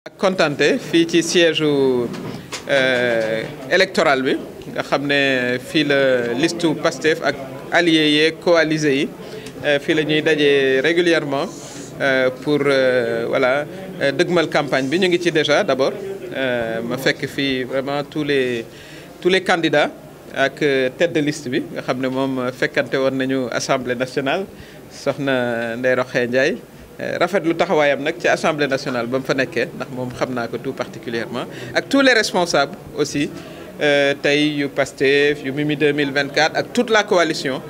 ak kontante fii ci siège euh, électoral bi nga xam ne fii la listu Pastef ak allier yeeg coalisés yi euh, fii la ñuy dajee régulièrement euh, pour voilà dëgmal campagne bi ñu ngi ci déjà d'abord ma fekk fii vraiment tous les tous les candidats ak tête de liste bi nga xam ne moom fekkante woon nañu assemblée nationale soxna Ndeye Rokhaya Ndiaye rafetlu taxawaayam nag ci assemblée nationale ba mu fa nekkee ndax moom xam naa ko tout particulièrement ak tous les responsables aussi euh, tey yu Pastef yu Mimi 2024 ak toute la coalition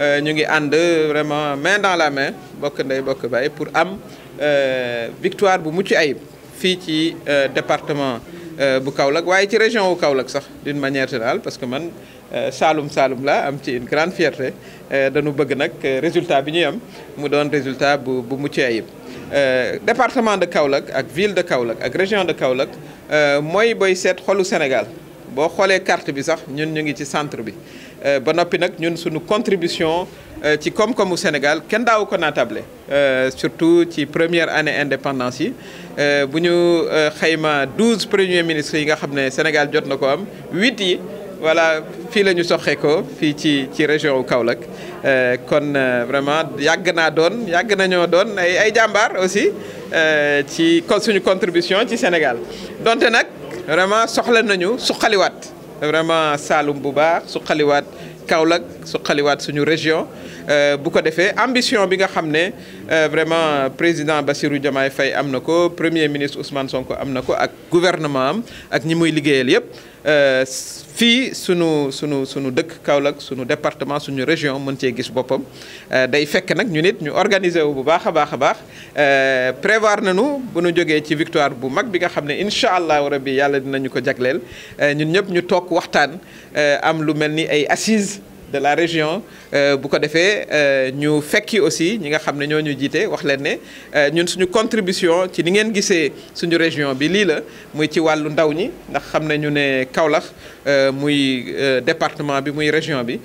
euh, ñu ngi ànd vraiment main dans la main bokk ndey bokk baay pour am euh, victoire bu mucc ayib fii ci département Euh, bu Kaolack waaye ci région wu Kaolack sax d'une manière générale parce que man euh, Saalum Saalum laa am ci une grande fierté euh, dañu bëgg nag résultat bi ñuy am mu doon résultat bu bu mucc ayib. département de Kaolack ak ville de Kaolack ak région de Kaolack mooy booy seet xolu Sénégal boo xoolee carte bi sax ñun ñu ngi ci centre bi ba noppi nag ñun suñu contribution. Euh, ci koom-koomu Sénégal kenn daaw ko naatable euh, surtout ci première année indépendance yi euh, bu ñu xayma douze premiers ministres yi nga xam ne Sénégal jot na ko am huit yi voilà fii la ñu soxee ko fii ci ci région wu Kaolack kon vraiment yàgg naa doon yàgg nañoo doon ay ay jàmbaar aussi ci kon suñu contribution ci Sénégal donte nag vraiment soxla nañu suqaliwaat vraiment Saloum bu baax suqaliwaat Kaolack suqaliwaat suñu région Euh, bu ko defee ambition bi nga xam ne euh, vraiment président Bassirou Diomaye Faye am na ko premier ministre Ousmane Sonko am na ko ak gouvernement am ak ñi muy liggéeyal yëpp euh, fii sunu sunu sunu dëkk Kaolack sunu département suñu région mën cee gis boppam day fekk nag ñu nit ñu organiser wu bu baax a baax a baax prévoir nañu bu nu jógee ci victoire bu mag bi nga xam ne incha allahu rabbi yàlla dinañu ko jagleel ñun ñëpp ñu toog waxtaan am lu mel ni ay assises. de la région euh, bu ko defee euh, ñu fekki aussi ñi nga xam ne ñoo ñu jiite wax leen ne euh, ñun suñu contribution ci ni ngeen gisee suñu région bi lii la muy ci wàllu ndaw ñi ndax xam na ñu ne Kaolack muy département bi muy région bi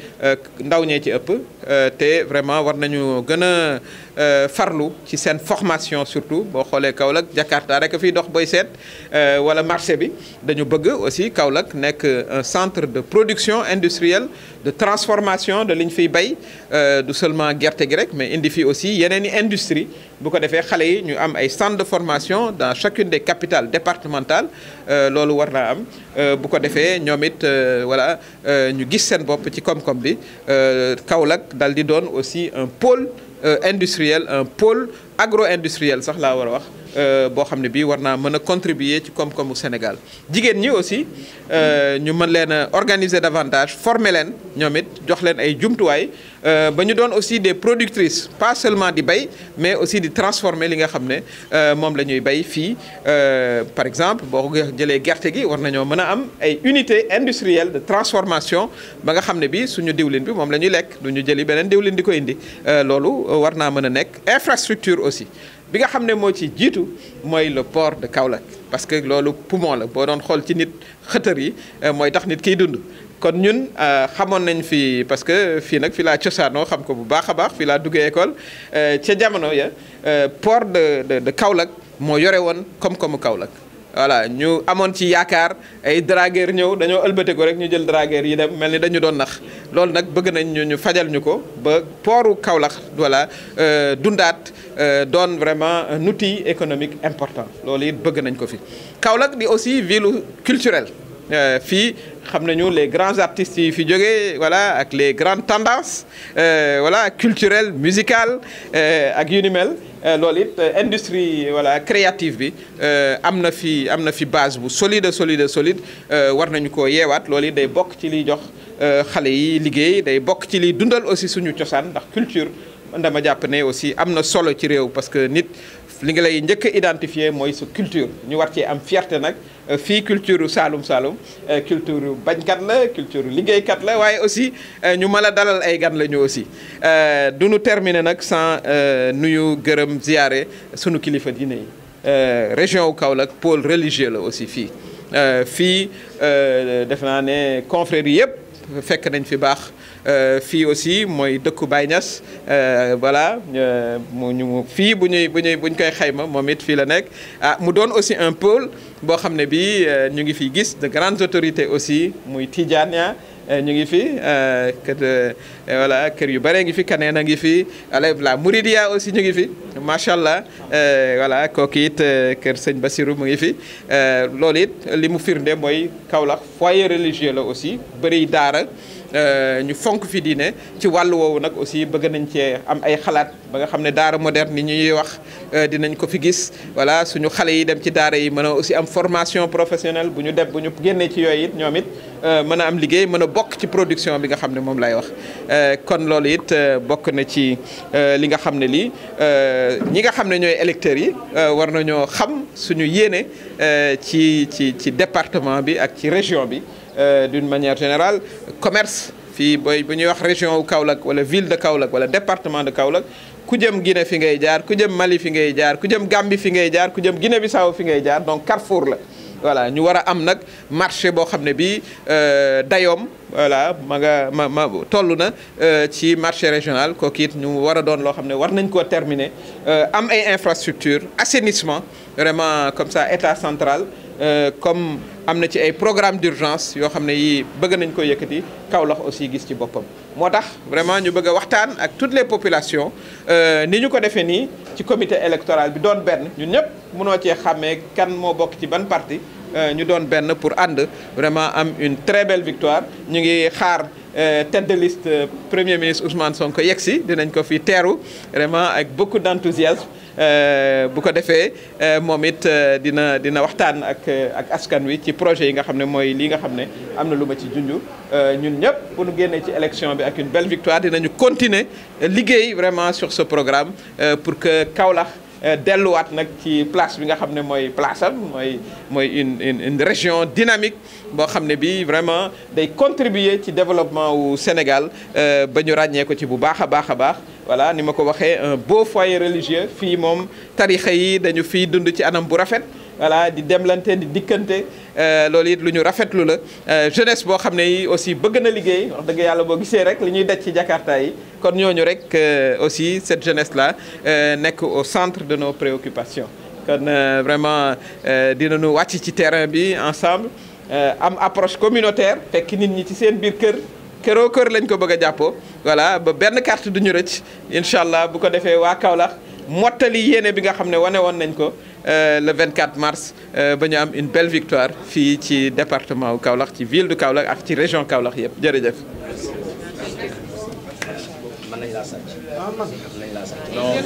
ndaw ñee ci ëpp. Euh, te vraiment war nañu gën a euh, farlu ci seen formation surtout boo xoolee Kaolack Jakarta rek a fiy dox booy seet euh, wala marché bi dañu bëgg aussi Kaolack nekk un centre de production industrielle de transformation de li ñu fiy bay du seulement gerte gi rek mais indi fi aussi yeneen i industrie bu ko defee xale yi ñu am ay centres de formation dans chacune des capitales départementales euh, loolu war naa am euh, bu ko defee ñoom it euh, voilà ñu gis seen bopp ci koom-koom bi Kaolack dal di doon aussi un pôle industriel un pôle agro-industriel sax laa war a wax Euh, boo xam ne bii war naa mën a contribuer ci koom-koomu Sénégal jigéen ñi aussi euh, ñu mën leen a organiser davantage former leen ñoom it jox leen ay jumtuwaay euh, ba ñu doon aussi des productrices pas seulement di bay mais aussi di transformer li nga xam ne moom la ñuy bay fii par exemple boo ko jëlee gerte gi war nañoo mën a am ay unité industrielle de transformation ba nga xam ne bii suñu diwlin bi moom la ñuy lekk du ñu jëli beneen diwlin di ko indi loolu war naa mën a nekk infrastructure aussi bi nga xam ne moo ci jiitu mooy le port de Kaolack parce que loolu poumon la boo doon xool ci nit xëtër yi euh, mooy tax nit kiy dund kon ñun euh, xamoon nañ fi parce que fii nag fi laa cosaanoo xam ko bu baax a baax fii laa duggee école euh, ca jamono ya port de de Kaolack moo yore woon koom-koomu Kaolack voilà ñu amoon ci yaakaar ay dragueur ñëw dañoo ëlbatiku rek ñu jël dragueur yi dem mel ni dañu doon nax loolu nag bëgg nañ ñu ñu fajal ñu ko ba pooru Kaolack voilà euh, dundaat euh, doon vraiment un outil économique important loolu it bëgg nañ ko fi. Kaolack di aussi ville culturelle euh, fii xam na nañu les grands artistes yi fi jógee voilà ak les grandes tendances voilà culturelles musicales ak yu ni mel. Euh, loolu it euh, industrie voilà créative bi euh, am na fi am na fi base bu solide solide solide war nañu ko yeewaat loolu it day bokk ci liy jox xale yi liggéey day bokk ci liy dundal aussi suñu cosaan ndax culture ndama jàpp ne aussi am na solo ci réew parce que nit li nga lay njëkk a identifier mooy su culture ñu war cee am fierte nag Euh, fii culture Saalum Saalum euh, culture bañkat la culture liggéeykat la waaye aussi euh, ñu mën a dalal ay gan la ñu aussi du ñu terminer nag sans nuyu gërëm ziyaare sunu kilifa diine yi région wu Kaolack pôle religieux la aussi fii fii defe naa ne confrérie yëpp fekk nañ fi baax Euh, fii aussi mooy dëkku Baye Niass euh, voilà euh, mu ñu fii bu ñuy bu ñuy bu koy xayma moom it fii la nekk ah mu doon aussi un pôle boo xam ne bii ñu ngi fi gis de grandes autorités aussi muy ya ah, ñu ngi fi kër voilà kër yu bare ngi fi Kaneen a ngi fi ala la Mouridia aussi ñu ngi fi macha allah voilà kooku it kër sëñ Bassirou mu ngi fi loolu it li mu firnde mooy Kaolack foyer religieux la aussi bëri daara. Euh, ñu fonk fi diine ci wàll woowu nag aussi bëgg nañ cee am ay xalaat ba nga xam ne daara moderne ni ñuy wax euh, dinañ ko fi gis voilà suñu xale yi dem ci daara yi mën a aussi am formation professionnelle bu ñu dem bu ñu génnee ci yooy it ñoom it euh, mën a am liggéey mën a bokk ci production bi nga xam ne moom lay wax kon loolu it bokk na ci li nga xam ne lii ñi nga xam ne ñooy électeurs yi war nañoo xam suñu yéene ci ci ci département bi ak ci région bi Euh, d'une manière générale commerce fii booy bu ñuy wax région wu Kaolack wala ville de Kaolack wala département de Kaolack ku jëm Guinée fi ngay jaar ku jëm Mali fi ngay jaar ku jëm Gambie fi ngay jaar ku jëm Guinée Bissau fi ngay jaar donc Carrefour la voilà ñu war a am nag marché boo xam ne bii euh, dayom voilà ma nga ma ma toll na euh, ci marché régional kooku it ñu war a doon loo xam ne war nañ koo terminer am ay infrastructure assainissement vraiment comme ça état central Euh, comme am na ci ay programme d'urgence yoo xam ne yii bëgg nañ ko yëkkati Kaolack aussi gis ci boppam moo tax vraiment ñu bëgg a waxtaan ak toutes les populations euh, ni ñu ko defee nii ci comité électoral bi doon benn ñun ñëpp mënoo cee xàmmee kan moo bokk ci ban parti euh, ñu doon benn pour ànd vraiment am une très belle victoire ñu ngi xaar Euh, tête de liste euh, premier ministre Ousmane Sonko yegg si dinañ ko fi teeru vraiment ak beaucoup d' enthousiasme euh, bu ko defee moom it dina dina waxtaan ak ak askan wi ci projet yi nga xam ne mooy lii nga xam ne am na lu ma ci junj ñun ñëpp bu nu génnee ci élection bi ak une belle victoire dinañu continuer liggéey vraiment sur ce programme pour que Kaolack Euh, delluwaat nag ci place bi nga xam ne mooy place am mooy mooy une une une région dynamique boo xam ne bii vraiment day contribuer ci développement wu Sénégal euh, ba ñu ràññee ci bu baax a baax a baax. voilà ni ma ko waxee un beau foyer religieux fii moom tarixa yi dañu fiy dund ci anam bu rafet. voilà di demlante di dikkante euh, loolu it lu ñu rafetlu la euh, jeunesse boo xam ne yi aussi bëgg na liggéey wax dëgg yàlla boo gisee rek lu ñuy daj ci Jakarta yi kon ñooñu rek euh, aussi cette jeunesse là nekk au centre de nos préoccupations kon vraiment dina dinañu wàcc ci terrain bi ensemble am approche communautaire fekk nit ñi ci seen biir kër këroo kër lañ ko bëgg a jàppoo voilà ba benn carte du ñu rëcc incha allah bu ko defee waa Kaolack mottali yéene bi nga xam ne wane woon nañ ko euh, le 24 mars euh, ba ñu am une belle victoire fii ci département wu ci ville du Kaolack ak ci région Kaolack yëpp jërëjëf. mën